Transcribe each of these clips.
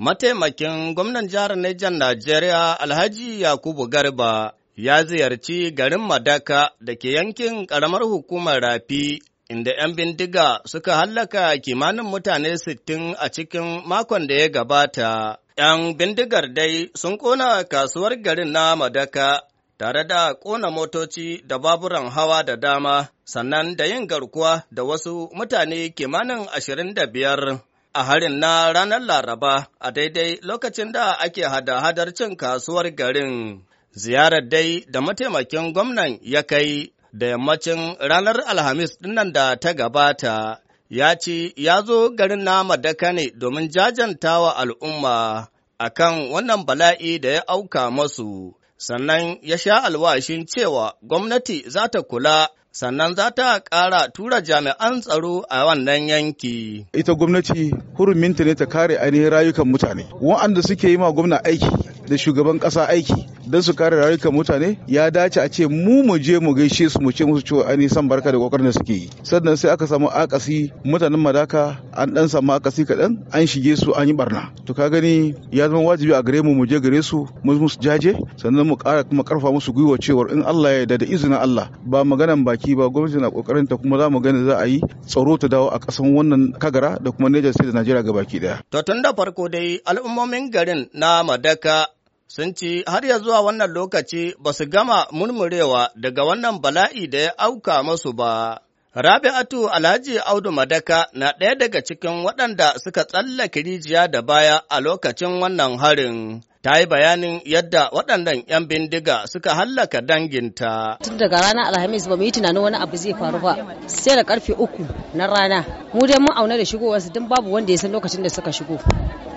Mataimakin gwamnan jihar Nijar Najeriya Alhaji Yakubu Garba ya ziyarci garin Madaka da ke yankin ƙaramar hukumar Rafi inda ‘yan bindiga suka hallaka kimanin mutane sittin a cikin makon da ya gabata. ‘Yan bindigar dai sun ƙona kasuwar garin na Madaka tare da ƙona motoci da baburan hawa da dama, sannan da yin garkuwa da wasu mutane kimanin ashirin da biyar. a harin na ranar Laraba a daidai lokacin da ake hada-hadar cin kasuwar garin. Ziyarar dai da mataimakin gwamnan ya kai da yammacin ranar Alhamis dinnan da ta gabata, ya ce ya zo garin na Madaka ne domin jajantawa al'umma akan wannan bala'i da ya auka masu. sannan ya sha alwashin cewa gwamnati za ta kula sannan za ta ƙara tura jami'an tsaro a wannan yanki. Ita gwamnati huruminta ne ta kare ainihin rayukan mutane. Wa'anda suke yi ma gwamna aiki da shugaban ƙasa aiki don su kare rayukan mutane ya dace a ce mu mu je mu gaishe su mu ce musu cewa an san barka da kokarin da suke yi sannan sai aka samu akasi mutanen madaka an dan samu akasi kaɗan an shige su an yi barna to ka gani ya zama wajibi a gare mu mu je gare su mu musu jaje sannan mu ƙara kuma karfa musu gwiwa cewar in Allah ya yarda da izinin Allah ba maganan baki ba gwamnati na kokarin ta kuma za mu gani za a yi tsaro ta dawo a ƙasan wannan kagara da kuma Niger State da Najeriya gabaki daya to tun da farko dai al'ummomin garin na Madaka sun ce har ya zuwa wannan lokaci ba su gama murmurewa daga wannan bala'i da ya auka masu ba. Rabi'atu Alhaji Audu Madaka na ɗaya daga cikin waɗanda suka tsallake rijiya da baya a lokacin wannan harin. ta yi bayanin yadda waɗannan 'yan bindiga suka hallaka danginta. Tun daga rana Alhamis ba mu yi tunanin wani abu zai faru ba sai da karfe uku na rana. Mu dai mun auna da shigowarsu don babu wanda ya san lokacin da suka shigo.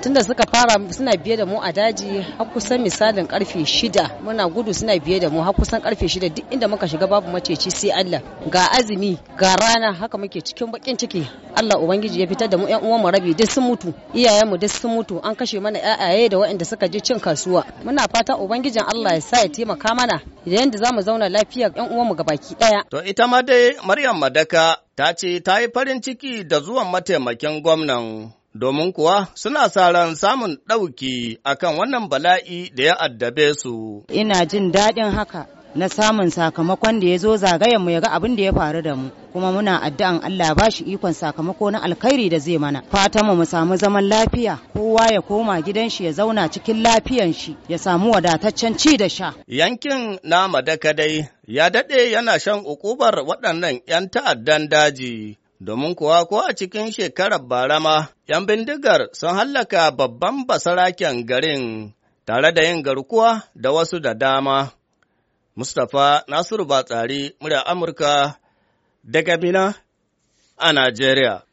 tunda suka fara suna biye da mu a daji har kusan misalin karfe shida muna gudu suna biye da mu har kusan karfe shida duk inda muka shiga babu maceci sai Allah ga azumi ga rana haka muke cikin bakin ciki Allah ubangiji ya fitar da mu yan uwan mu rabi duk sun mutu iyayen mu duk sun mutu an kashe mana ƴaƴaye da waɗanda suka je cin kasuwa muna fata ubangijin Allah ya sa ya taimaka mana yadda za mu zauna lafiya yan uwan mu gabaki daya to ita ma dai Maryam Madaka ta ce ta yi farin ciki da zuwan mataimakin gwamnan domin kuwa suna sa ran samun ɗauki a kan wannan bala'i da ya addabe su. Ina jin daɗin haka na samun sakamakon da ya zo zagayenmu ya ga abin da ya faru da mu. kuma muna addu'an Allah ba shi ikon sakamako na alkhairi da zai mana fatan mu samu zaman lafiya kowa ya koma gidan shi ya zauna cikin lafiyan shi ya samu wadataccen ci da sha yankin na madaka dai ya daɗe yana shan ukubar waɗannan 'yan ta'addan daji domin kuwa ko a cikin shekarar barama, ‘yan bindigar sun hallaka babban basaraken garin tare da yin garkuwa da wasu da dama. Mustapha Nasiru Batsari, murya Amurka, daga Mina a Najeriya.